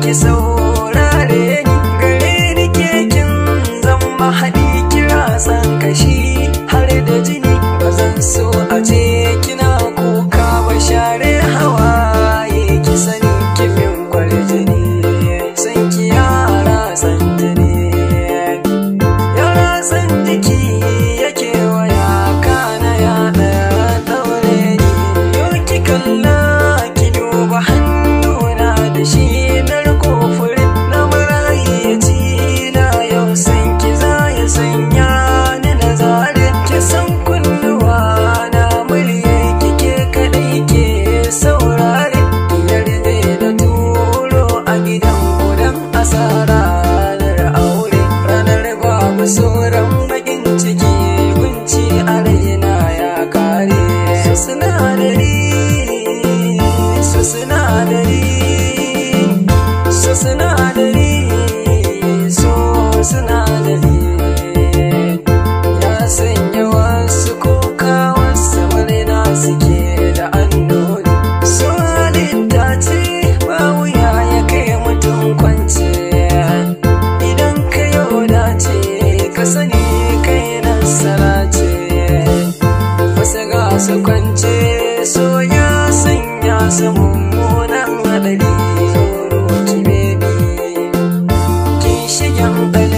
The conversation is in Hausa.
ki saurare ni gare ni kekin zan mahaɗi kira san kashi har da jini ba zan so a ce kina kuka ba share hawaye ki sani kifin kwaljini san ki yara san ne yara san jiki yake waya kana ya ɗaure ni yau ki kalla ki duba hannuna da shi Don baƙin ciki kunci ya kare su sinadari sinadari sanya mummunan haɗari zoro ki bebi ki shigen